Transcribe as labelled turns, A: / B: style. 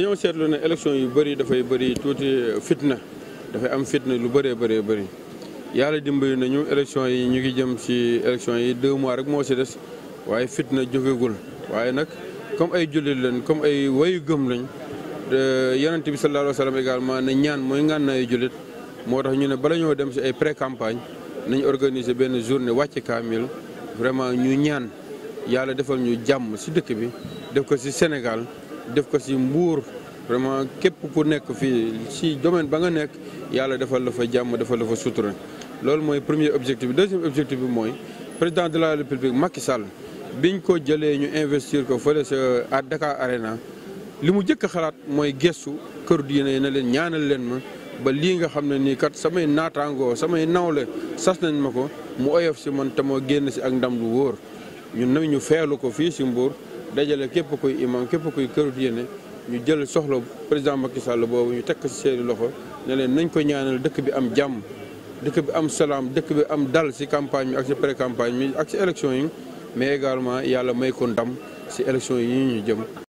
A: dañoo seetlu ne élection yu bëri dafay bëri tuuti fitna dafay am fitna lu baree baree bëri yàlla dimbali nañu élection yi ñu ngi jëm ci élection yi deux mois rek moo ci des waaye fitna jógegul waaye nag comme ay jullit leen comme ay wayu gëm lañ yonent bi sallallahu alayhi wa sallam ne ñaan mooy ngaan ay jullit moo tax ñu ne bala ñoo dem ci ay pré campagne nañ organiser benn journée wàcc kaamil vraiment ñu ñaan yàlla defal ñu jàmm ci dëkk bi def ko ci Sénégal def ko si mbuur vraiment képp ku nekk fii si domaine ba nga nekk yàlla defal la fa jàmm defal la fa loolu mooy premier objectif bi deuxième objectif bi mooy président de la république Macky Sall biñ ko jëlee ñu investir ko fële sa à Dakar Arena li mu njëkk a xalaat mooy gestu kër diine na leen ñaanal leen ma ba lii nga xam ne nii kat samay naataangoo samay nawle sas nañ ma ko mu oyof si man te moo génn si ak ndam lu wóor ñu nag ñu feelu ko fii si Mbour dajale képp kuy imam képp kuy këru diine ñu jël soxla président Macky Sall boobu ñu tekk ci seeni loxo ne leen nañ ko ñaanal dëkk bi am jàmm dëkk bi am salaam dëkk bi am dal ci campagne bi ak ci pré campagne bi ak ci élection yi mais également yàlla may ko ndam ci élection yi ñu jëm